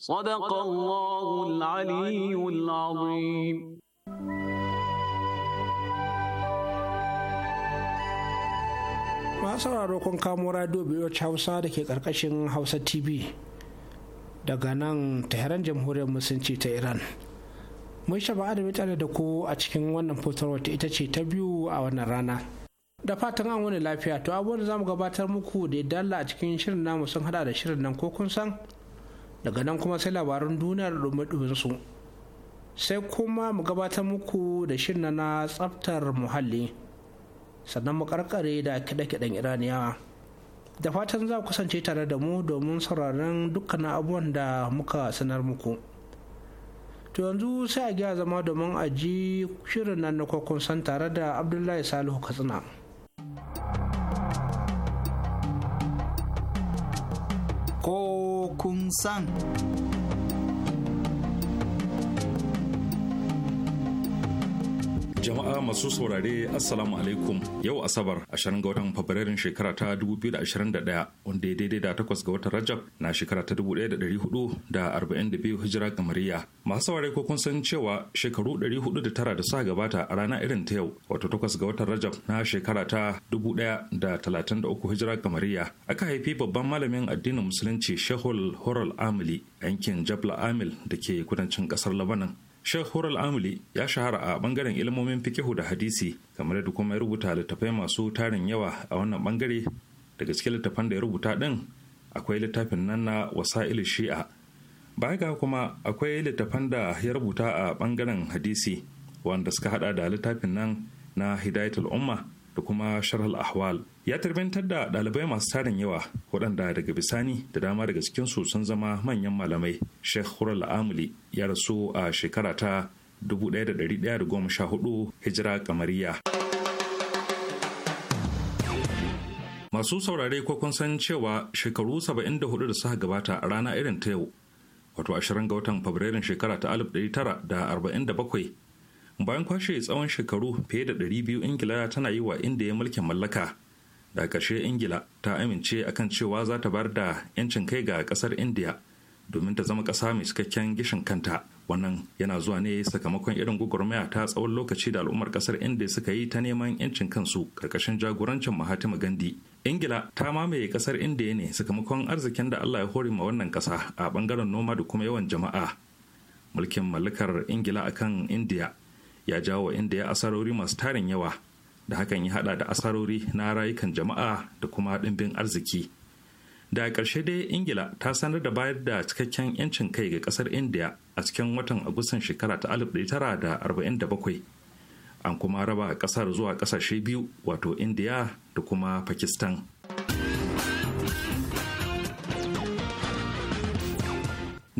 صدق الله العلي العظيم sauraro kun kamo radio BH Hausa da ke karkashin Hausa TV daga nan taharan Jamhuriyar Musulunci ta Iran. Mun shaba da mutane da ku a cikin wannan wata ita ce ta biyu a wannan rana. Da fatan an wani lafiya to abubuwan da zamu gabatar muku da dalla a cikin shirin namu sun hada da shirin nan ko kun san daga nan kuma sai labaran duniyar dumin su sai kuma mu gabatar muku da shirin na tsaftar muhalli sannan mu karkare da kide-kiden iraniyawa da fatan za kusance tare da mu domin sauraron dukkanin abubuwan da muka sanar muku to yanzu sai a gya zama domin a ji shirin nan na san tare da abdullahi salihu katsina ko kun san Jama'a masu saurare Assalamu alaikum yau Asabar 20 ga watan Fabrairun shekara ta 2021 wanda ya daidai da takwas ga watan Rajab na shekara ta 1442 hijira kamariya. Masu saurare ko kun san cewa shekaru 409 da sa gabata a rana irin ta yau wato takwas ga watan Rajab na shekara ta 1033 hijira kamariya aka haifi babban malamin addinin musulunci Shehul Horal Amili yankin Jabla Amil da ke kudancin kasar Labanan. Sheikh Hural Amuli ya shahara a bangaren ilmomin fikihu da hadisi kamar yadda kuma ya rubuta littattafai masu tarin yawa a wannan bangare daga cikin littattafan da ya rubuta din akwai littafin nan na wasa'il shi'a baya ga kuma akwai littafan da ya rubuta a bangaren hadisi wanda suka hada da littafin nan na hidayatul umma da kuma sharhal ahwal ya tarbantar da ɗalibai masu tarin yawa waɗanda daga bisani da dama daga su sun zama manyan malamai sheikh hural amuli ya rasu a shekara ta 1114 hijira kamariya masu saurare ko kun san cewa shekaru 74 da suka gabata a rana irin ta yau wato 20 ga watan fabrairun shekara ta 1947 bayan kwashe tsawon shekaru fiye da 200 ingila tana yi wa ya mulkin mallaka da ƙarshe ingila ta amince akan cewa za ta bar da 'yancin kai ga ƙasar indiya domin ta zama ƙasa mai cikakken gishin kanta wannan yana zuwa ne sakamakon irin gwagwarmaya ta tsawon lokaci da al'ummar ƙasar indiya suka yi ta neman 'yancin kansu ƙarƙashin jagorancin mahatima gandhi ingila ta mamaye ƙasar indiya ne sakamakon arzikin da allah ya hori ma wannan ƙasa a ɓangaren noma da kuma yawan jama'a mulkin mallakar ingila akan indiya ya jawo inda indiya asarori masu tarin yawa da hakan ya hada da asarori na rayukan jama'a da kuma ɗimbin arziki da ƙarshe dai ingila ta sanar da bayar da cikakken 'yancin kai ga ƙasar indiya a cikin watan agustan shekara ta 1947 an kuma raba ƙasar zuwa ƙasashe biyu wato indiya da kuma pakistan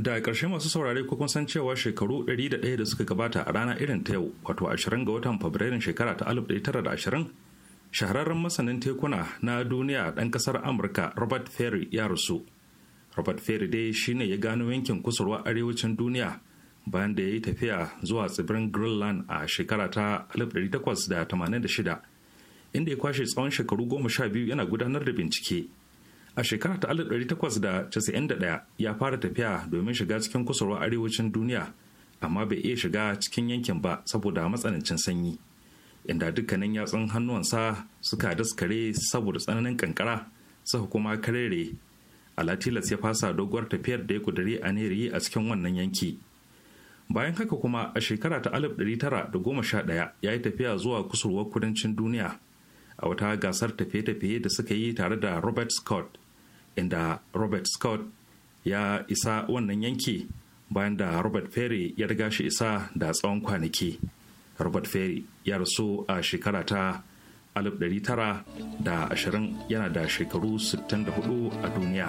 da ƙarshe masu saurare ko kun san cewa shekaru 101 da suka gabata a rana irin ta yau wato 20 ga watan fabrairun shekara ta 1920 shahararren masanin tekuna na duniya ɗan ƙasar amurka robert ferry ya rasu robert ferry dai shine ya gano yankin kusurwa arewacin duniya bayan da ya yi tafiya zuwa tsibirin greenland a shekara ta 1886 inda ya kwashe tsawon shekaru goma sha biyu yana gudanar da bincike a shekara ta 1891 ya fara tafiya domin shiga cikin kusurwa arewacin duniya amma bai iya shiga cikin yankin ba saboda matsanancin sanyi inda dukkanin yatsun hannuwansa suka daskare saboda tsananin kankara suka kuma karere alatilas ya fasa doguwar tafiyar da ya kudare a neri a cikin wannan yanki bayan haka kuma a shekara ta 1911 ya yi tafiya zuwa kusurwar kudancin duniya a wata gasar tafiye-tafiye da suka yi tare da robert scott inda robert scott ya isa wannan yanki bayan da robert ferry ya riga shi isa da tsawon kwanaki robert ferry ya rasu a shekara ta 1920 yana da shekaru 64 a duniya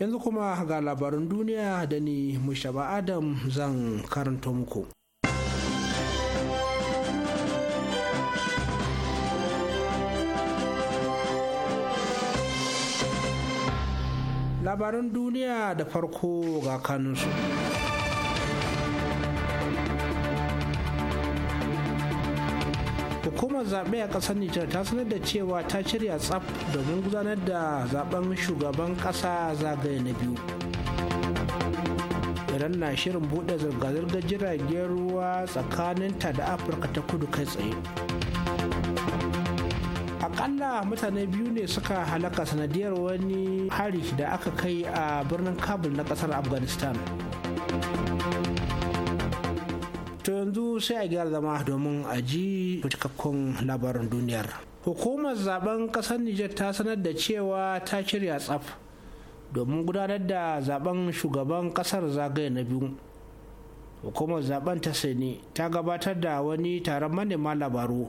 yanzu kuma ga labarin duniya da ni mushaba adam zan karanto muku Labarin duniya da farko ga kanunsu hukumar zaɓe a ƙasar nijar ta sanar da cewa ta shirya tsaf domin gudanar da zaɓen shugaban ƙasa zagaye na biyu iran na shirin buɗe zirga-zirgar jiragen ruwa tsakaninta da afirka ta kudu kai tsaye akalla mutane biyu ne suka halaka sanadiyar wani hari da aka kai a birnin kabul na ƙasar afghanistan To yanzu sai a gyara zama domin a ji cikakkun labarin duniyar. Hukumar zaben ƙasar Nijar ta sanar da cewa ta shirya tsaf domin gudanar da zaben shugaban ƙasar zagaye na biyu. Hukumar zaben ta Sani ta gabatar da wani taron manema labaru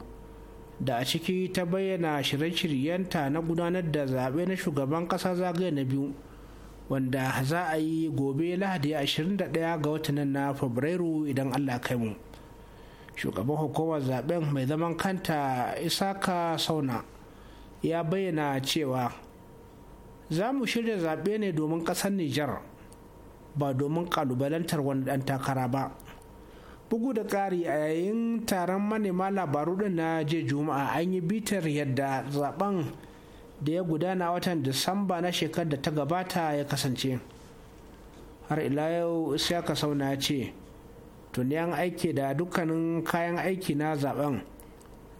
da a ciki ta bayyana shirye-shiryenta na gudanar da zaɓe na shugaban ƙasa zagaye na biyu. wanda za a yi gobe lahadi 21 ga watan na fabrairu idan allah kai mu shugaban hukumar zaben mai zaman kanta isaka sauna ya bayyana cewa za mu shirya zaɓe ne domin ƙasar nijar ba domin ƙalubalantar wani ɗan takara ba bugu da ƙari a yayin taron manema labaru ɗin na je juma'a an yi bitar yadda zaben da ya gudana watan disamba na shekarar da ta gabata ya kasance har ila yau isiyaka sauna na ce tuni aiki da dukkanin kayan aiki na zaben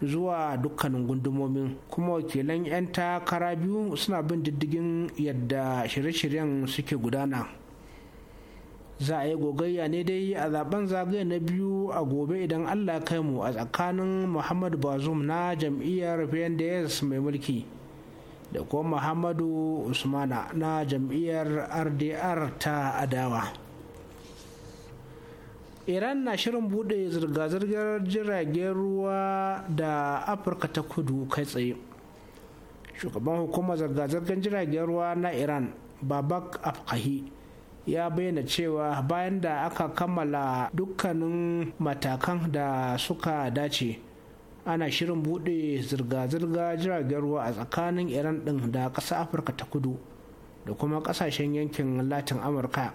zuwa dukkanin gundumomin kuma wakilan 'yan takara biyu suna bin diddigin yadda shirye-shiryen suke gudana za a yi gogayya ne dai a zaben zagaye na biyu a gobe idan allah kai mu a tsakanin Muhammadu bazum na jam'iyyar pnds mai mulki da kuma muhammadu usmana na jam'iyyar rdr ta adawa iran na shirin bude zirga-zirgar jiragen ruwa da afirka ta kudu kai tsaye shugaban hukumar zirga-zirgar jiragen ruwa na iran babak afkahi ya bayyana cewa bayan da aka kammala dukkanin matakan da suka dace ana shirin bude zirga-zirga jiragen ruwa a tsakanin iran din da ƙasar afirka ta kudu da kuma ƙasashen yankin latin amurka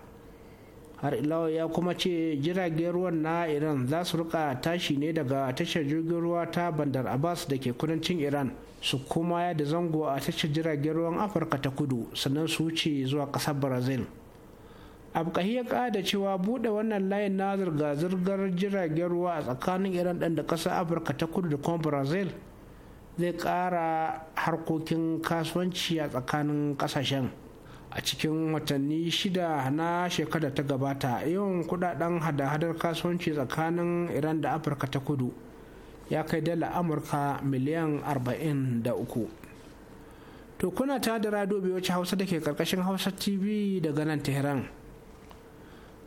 har ilawa ya kuma ce jiragen ruwan na iran za su rika tashi ne daga tashar jirgin ruwa ta bandar abbas da ke kudancin iran su kuma ya da zango a tashar jiragen ruwan afirka ta kudu sannan su wuce zuwa ƙasar brazil abkahi ya kada cewa bude wannan layin na zirga-zirgar jiragen ruwa a tsakanin iran dan da ƙasar afirka ta kudu da kuma brazil zai ƙara harkokin kasuwanci a tsakanin ƙasashen a cikin watanni shida na shekara ta gabata yawan kudaden hada-hadar kasuwanci tsakanin iran da afirka ta kudu ya kai dala amurka miliyan 43 to kuna ta da rado bai wacce hausa da ke karkashin hausa tv daga nan tehran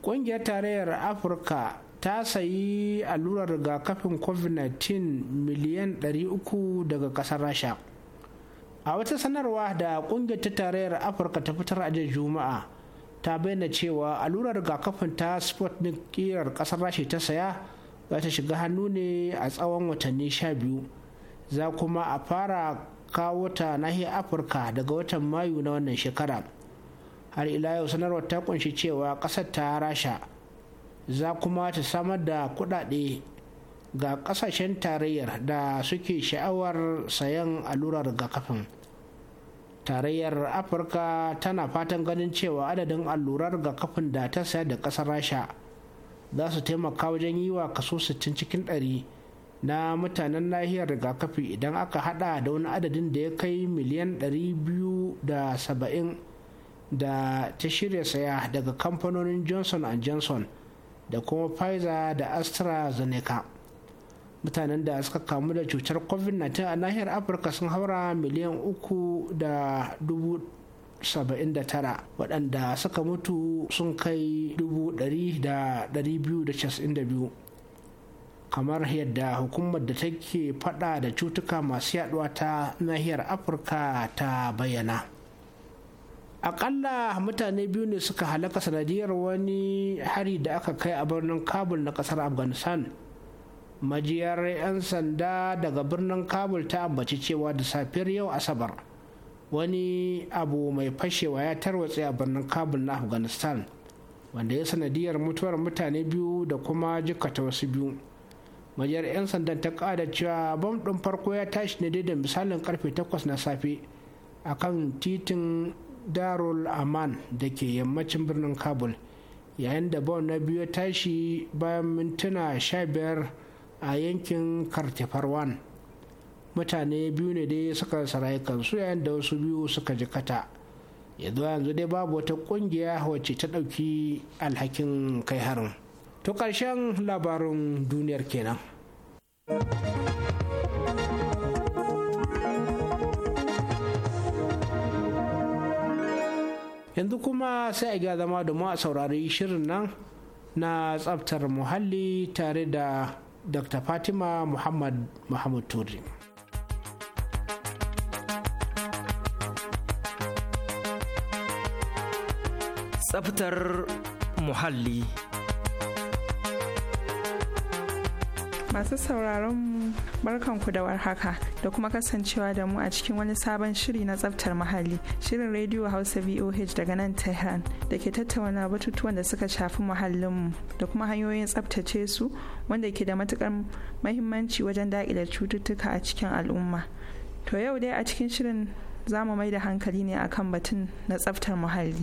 ƙungiyar tarayyar afirka ta sayi allurar rigakafin covid-19 miliyan 300 daga ƙasar rasha a wata sanarwa da ƙungiyar ta tarayyar afirka ta fitar a jiya juma'a ta bayyana cewa allurar rigakafin ta sputnik ƙirar ƙasar rasha ta saya za ta shiga hannu ne a tsawon watanni sha biyu za kuma a fara kawo ta nahiyar afirka daga watan mayu na wannan shekara har ila yau sanarwar ta kunshi cewa ƙasar ta rasha za kuma ta samar da kuɗaɗe ga ƙasashen tarayyar da suke sha'awar sayan allurar kafin. tarayyar afirka tana fatan ganin cewa adadin allurar rigakafin da ta sayar da ƙasar rasha za su taimaka wajen yi wa kaso 60 cikin ɗari na mutanen nahiyar rigakafi idan aka hada da wani adadin da ya kai miliyan 270 da ta shirya saya daga kamfanonin johnson johnson da kuma pfizer da astrazeneca mutanen da suka kamu da cutar covid-19 a nahiyar afirka sun haura miliyan uku da dubu tara waɗanda suka mutu sun kai biyu kamar yadda hukumar da take faɗa da cutuka masu yaduwa ta nahiyar afirka ta bayyana akalla mutane biyu ne suka halaka sanadiyar wani hari da aka kai a birnin kabul na kasar afghanistan majiyar 'yan sanda daga birnin kabul ta ambaci cewa da safiyar yau asabar wani abu mai fashewa ya tarwatse a birnin kabul na afghanistan wanda ya sanadiyar mutuwar mutane biyu da kuma jikata wasu biyu majiyar 'yan sanda ta kada cewa bam ɗin farko ya tashi ne da misalin karfe 8 na safe akan titin darul aman da ke yammacin birnin kabul yayin da bau na biyu tashi bayan mintuna sha biyar a yankin kartifarwan mutane biyu ne dai suka sarai kansu yayin da wasu biyu suka jikata yanzu yanzu dai babu wata kungiya wacce ta ɗauki alhakin kai harin to karshen labarin duniyar kenan. yanzu kuma sai a ga da mu a saurari shirin nan na tsabtar muhalli tare da dr fatima muhammad muhammad turi tsabtar muhalli masu sauraron mu barkanku da warhaka da kuma kasancewa da mu a cikin wani sabon shiri na tsaftar muhalli shirin rediyo hausa voh daga nan tehran da ke tattauna batutuwan da suka shafi muhallinmu da kuma hanyoyin tsaftace su wanda ke da matukar mahimmanci wajen daƙile cututtuka a cikin al'umma to yau dai a cikin shirin za mu mai da hankali ne akan batun na tsaftar muhalli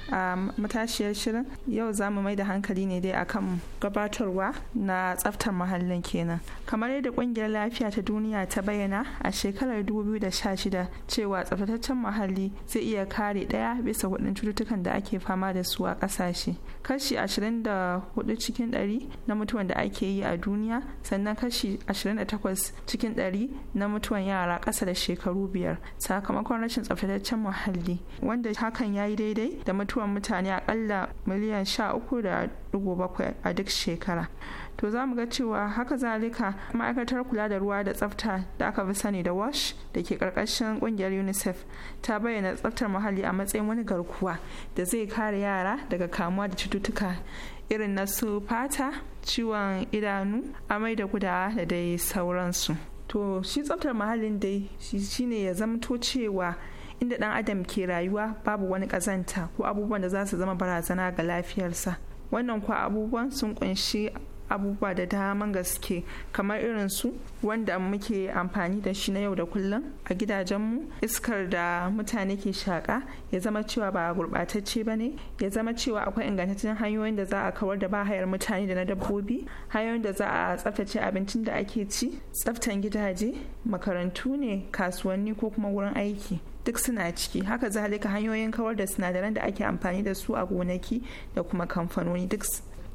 a matashiyar shirin yau za mu mai da hankali ne dai akan gabatarwa na tsaftar muhallin kenan kamar yadda kungiyar lafiya ta duniya ta bayyana a shekarar 2016 cewa tsaftataccen muhalli zai iya kare daya bisa hudun cututtukan da ake fama da su a kasashe kashi 24 cikin 100 na mutuwan da ake yi a duniya sannan kashi 28 cikin 100 na mutuwan yara ƙasa da shekaru biyar sakamakon rashin tsaftataccen muhalli wanda hakan ya yi daidai da mutuwar mutuwar mutane akalla miliyan bakwai a duk shekara to za mu ga cewa haka zalika ma'aikatar kula da ruwa da tsafta da aka fi sani da wash da ke karkashin kungiyar unicef ta bayyana tsaftar muhalli a matsayin wani garkuwa da zai kare yara daga kamuwa da cututtuka irin na su fata ciwon idanu amai da gudawa da dai sauransu to shi tsaftar muhallin dai shi ne ya zamto cewa inda dan adam ke rayuwa babu wani kazanta ko abubuwan da za su zama barazana ga lafiyarsa wannan kuwa abubuwan sun kunshi abubuwa da daman gaske kamar irin su wanda muke amfani da shi na yau da kullum a gidajenmu iskar da mutane ke shaƙa ya zama cewa ba a gurɓatacce ba ne ya zama cewa akwai ingantaccen hanyoyin da za a kawar da bahayar mutane da na dabbobi hanyoyin da za a tsaftace abincin da ake ci tsaftan gidaje makarantu ne kasuwanni ko kuma wurin aiki duk suna ciki haka zalika hanyoyin kawar da sinadaran da ake amfani da su a gonaki da kuma kamfanoni duk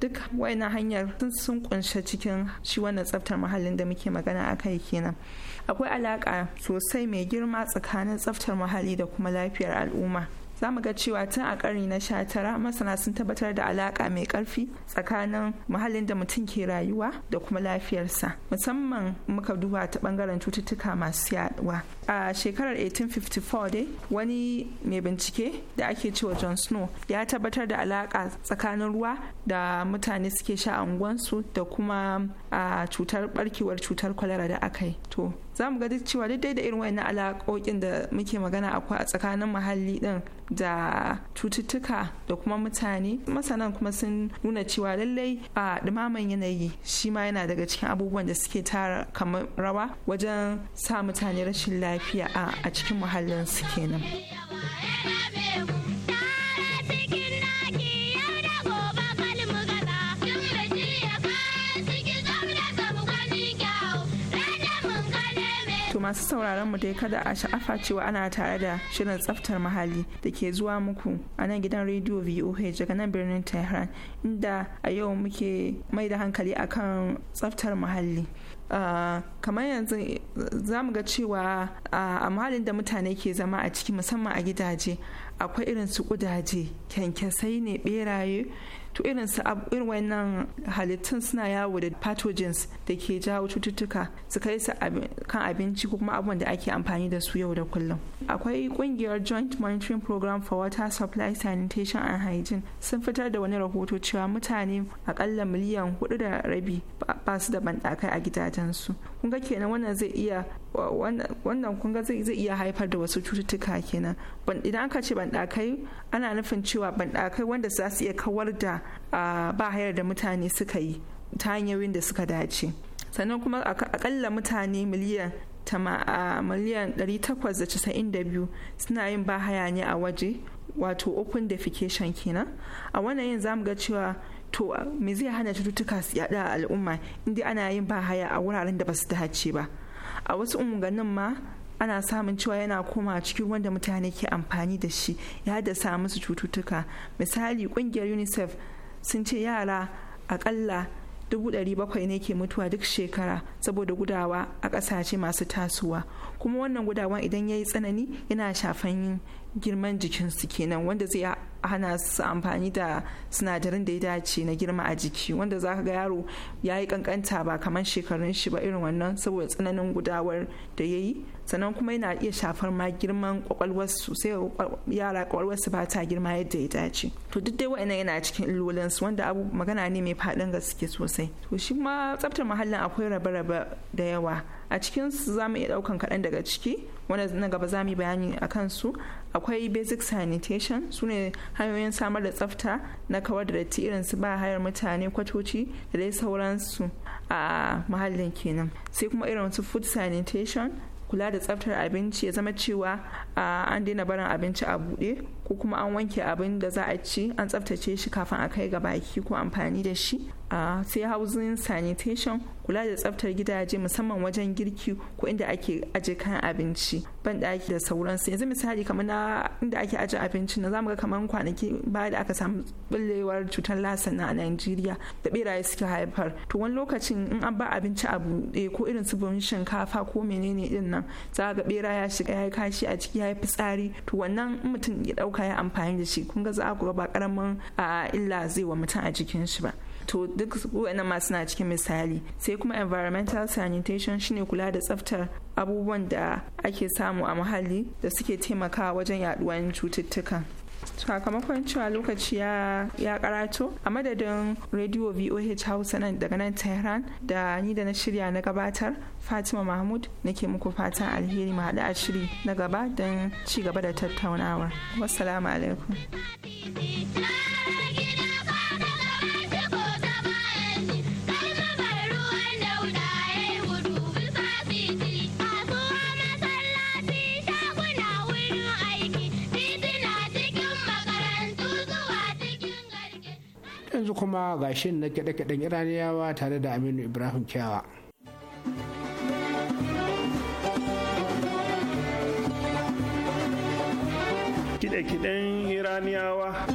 duk wayannan hanyar sun kunshe cikin shi wannan tsaftar muhallin da muke magana a kai kenan akwai alaka sosai mai girma tsakanin tsaftar muhalli da kuma lafiyar al'umma za mu ga cewa tun a ƙari na sha tara masana sun tabbatar da alaƙa mai ƙarfi tsakanin muhallin da mutum ke rayuwa da kuma lafiyarsa musamman muka duba ta ɓangaren cututtuka masu yaduwa a shekarar 1854 dai wani mai bincike da ake cewa john snow ya tabbatar da alaƙa tsakanin ruwa da mutane suke sha a da kuma a cutar barkewar cutar kwalara da aka yi to za mu ga duk cewa duk da irin wayannan alaƙoƙin da muke magana akwai a tsakanin muhalli ɗin da cututtuka da kuma mutane masanan kuma sun nuna cewa lallai a ɗumaman yanayi shi ma yana daga cikin abubuwan da suke tara kamar rawa wajen sa mutane rashin lafiya a cikin muhallin su kenan. masu sauraron mu dai kada a sha'afa cewa ana tare da shirin tsaftar muhalli da ke zuwa muku a nan gidan rediyo voh daga nan birnin tehran inda a yau muke mai da hankali akan tsaftar muhalli kamar yanzu za mu ga cewa a muhallin da mutane ke zama a ciki musamman a gidaje akwai irin su kudaje kyankyasai ne beraye to irin su irin wannan halittun suna yawo da pathogens da ke jawo cututtuka su kai su kan abinci ko kuma abubuwan da ake amfani da su yau da kullum akwai kungiyar joint monitoring program for water supply sanitation and hygiene sun fitar da wani rahoto cewa mutane akalla miliyan hudu da rabi ba su da bandakai a gidajensu kun ga kenan wannan zai iya wannan kunga zai iya haifar da wasu cututtuka kenan idan aka ce banɗakai ana nufin cewa banɗakai wanda za su iya kawar da ba hayar da mutane suka yi ta hanyoyin da suka dace sannan kuma akalla mutane miliyan miliyan 892 suna yin bahaya ne a waje wato open defecation kenan a wannan yin zamu ga cewa to me zai hana cututtuka su yada a al'umma inda ana yin ba haya a wuraren da ba su dace ba a wasu unganin ma ana samun cewa yana koma cikin wanda mutane ke amfani da shi ya haddasa musu cututtuka misali kungiyar unicef sun ce yara akalla 700,000 ne ke mutuwa duk shekara saboda gudawa a kasashe masu tasowa kuma wannan gudawa idan ya yi tsanani yana shafan girman jikinsu kenan wanda zai ana su amfani da sinadarin da ya dace na girma a jiki wanda za ka ga yaro ya yi kankanta ba kamar shekarun shi ba irin wannan saboda tsananin gudawar da ya yi sannan kuma yana iya shafar ma girman kwakwalwarsu sai yara kwakwalwarsu ba ta girma yadda ya dace to duk dai wa'annan yana cikin illolinsu wanda abu magana ne mai faɗin gaske sosai to shi ma tsaftar muhallin akwai rabe-rabe da yawa a cikin su za mu iya ɗaukan kaɗan daga ciki wanda na gaba za mu yi bayani a kansu akwai basic sanitation su ne hanyoyin samar da tsafta na kawar da datti irin su ba hayar mutane kwatoci da dai sauransu a muhallin kenan sai kuma irin su food sanitation kula da tsaftar abinci ya zama cewa an daina barin abinci a buɗe ko kuma an wanke abin da za a ci an tsaftace shi kafin a kai ga baki ko amfani da shi sai housing sanitation kula da tsaftar gidaje musamman wajen girki ko inda ake aje kayan abinci ban ɗaki da sauransu yanzu misali kamar na inda ake aje abinci na zamu ga kamar kwanaki baya da aka samu bullewar cutar lasa na a Najeriya da beraye suke haifar to wani lokacin in an ba abinci a buɗe ko irin su shinkafa ko menene din nan za ga bera ya shiga ya kashi a ciki ya fi tsari to wannan mutum ya ɗauka ya amfani da shi kun ga za ku ba karamin a illa zai wa mutum a jikin shi ba to duk waɗannan ma suna cikin misali sai kuma environmental sanitation shine kula da tsaftar abubuwan da ake samu a muhalli da suke taimakawa wajen yaduwar cututtuka sakamakon cewa lokaci ya karato a madadin radio voh hausa nan daga nan tehran da ni da na shirya na gabatar fatima mahmud nake muku fatan alheri mu haɗu a shiri na gaba don ci gaba da tattaunawar wassalamu alaikum yanzu kuma ga shin na kyaɗe kyaɗe iraniyawa tare da aminu ibrahim kyawa kide-kiden iraniyawa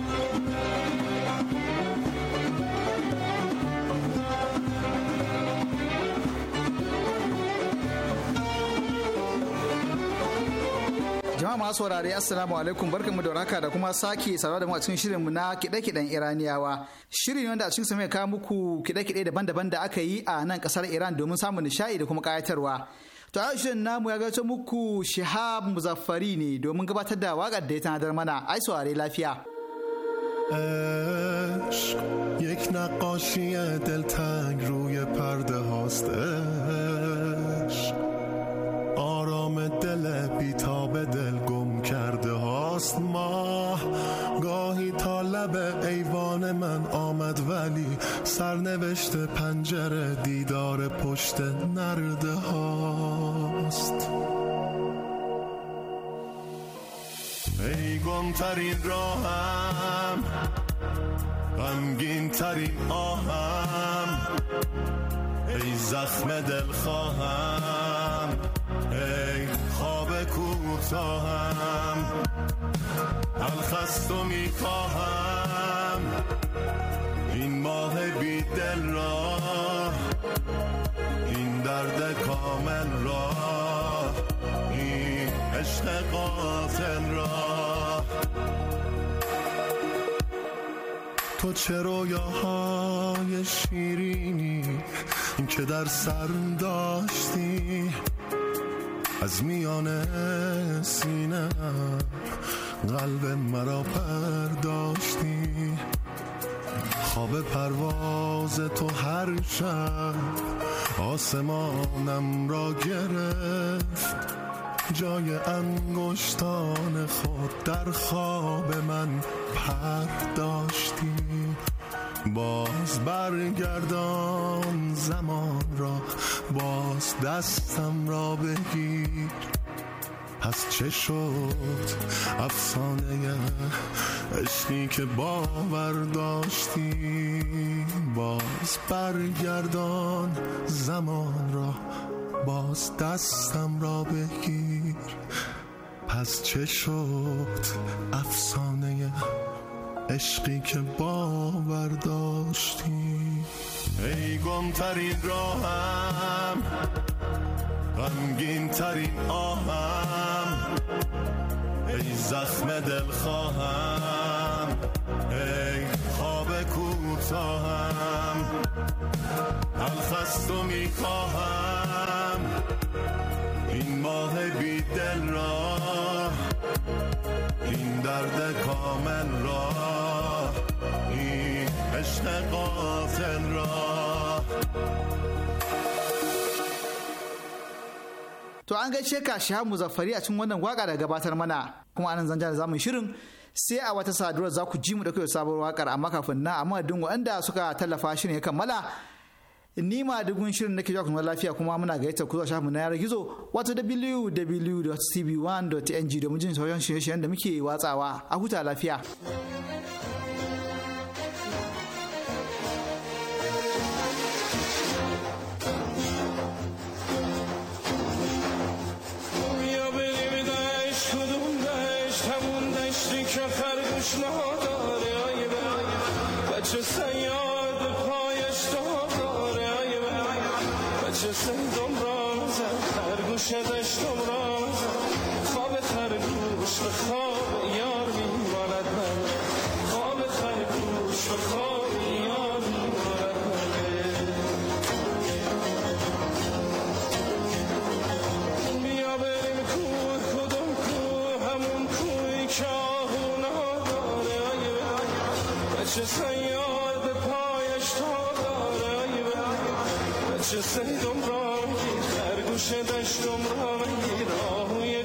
jama'a masu saurare assalamu alaikum barkanmu da raka da kuma sake saurara da mu a cikin shirinmu na kiɗe-kiɗen iraniyawa shirin wanda a cikin sa mai kawo muku kiɗe-kiɗe daban-daban da aka yi a nan kasar iran domin samun nishaɗi da kuma ƙayatarwa to a shirin namu ya gaci muku shihab muzaffari ne domin gabatar da waƙar da ya tanadar mana ai saurare lafiya یک نقاشی دلتنگ روی ترین راهم غمگین ترین آهم ای زخم دل خواهم ای خواب کوتاهم خست و میخواهم این ماه بی دل را این درد کامل را این عشق قاتل را تو چه رویاهای شیرینی که در سر داشتی از میان سینه قلب مرا پرداشتی خواب پرواز تو هر شب آسمانم را گرفت جای انگشتان خود در خواب من پر داشتی باز برگردان زمان را باز دستم را بگیر پس چه شد افسانه عشقی که باور داشتی باز برگردان زمان را باز دستم را بگیر پس چه شد افسانه عشقی که باور داشتی ای گم ترین راهم غمگین ترین آهم ای زخم دل خواهم ای خواب کوتاهم خست و میخواهم To an gaishe ka mu Muzaffari a cikin wannan waka da gabatar mana kuma anan da zamu shirin sai a wata saduwar za ku ji mu da kai sabuwar wakar amma kafin na amma duk waɗanda suka tallafa shi ne ya kammala ni ma dugun shirin ke jawo kuma lafiya kuma muna gayyatar ku zuwa shafinmu na yanar gizo wato www.cb1.ng domin jin sauran shirye-shiryen da muke watsawa a huta lafiya. چه سیدم را گیر خرگوش دشتم را بگیر آهوی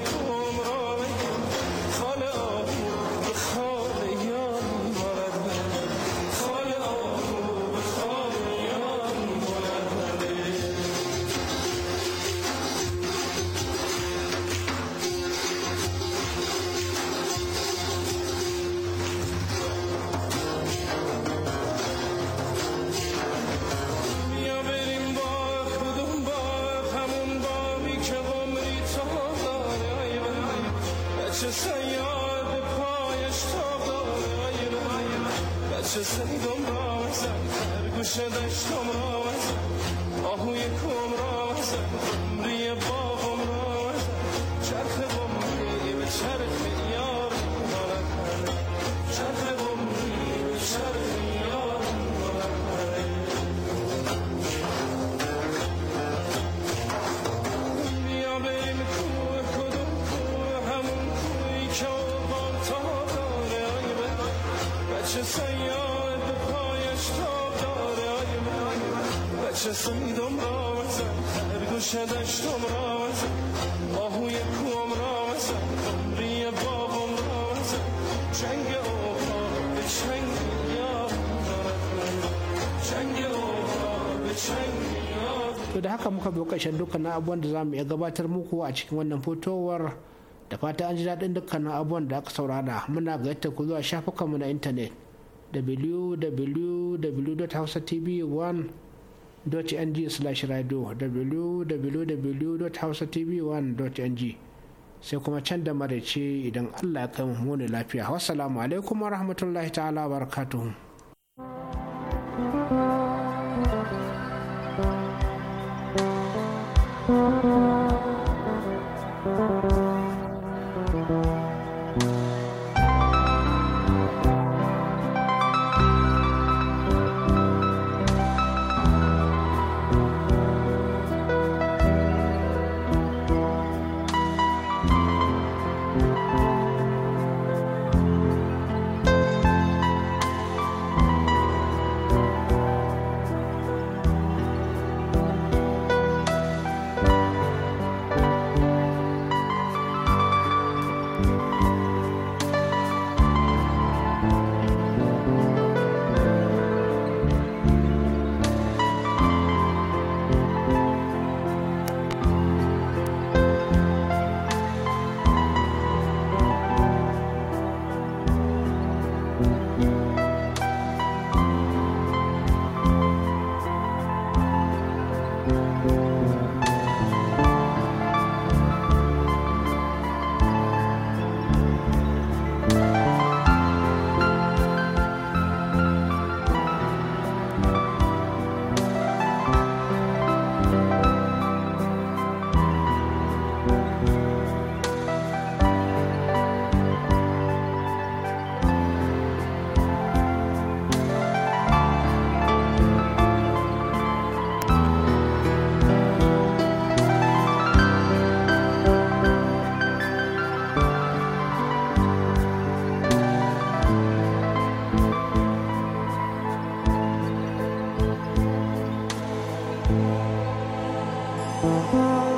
سوی دنبالت هر گوشه دشت دنبالت آهوی کوام را عمری بابم را چنگ اوها به چنگ یاد چنگ اوها به چنگ To da haka muka bi ƙarshen dukkanin abubuwan da za mu iya gabatar muku a cikin wannan fotowar da fata an ji daɗin dukkanin abubuwan da aka saurara muna gayyata ku zuwa shafukanmu na intanet www.hausatv1 ng/radio www.hausatv1.ng sai kuma can da maraice idan allah ya kai mu lafiya wasu alaikum rahmatullahi ta'ala barakatuhu Música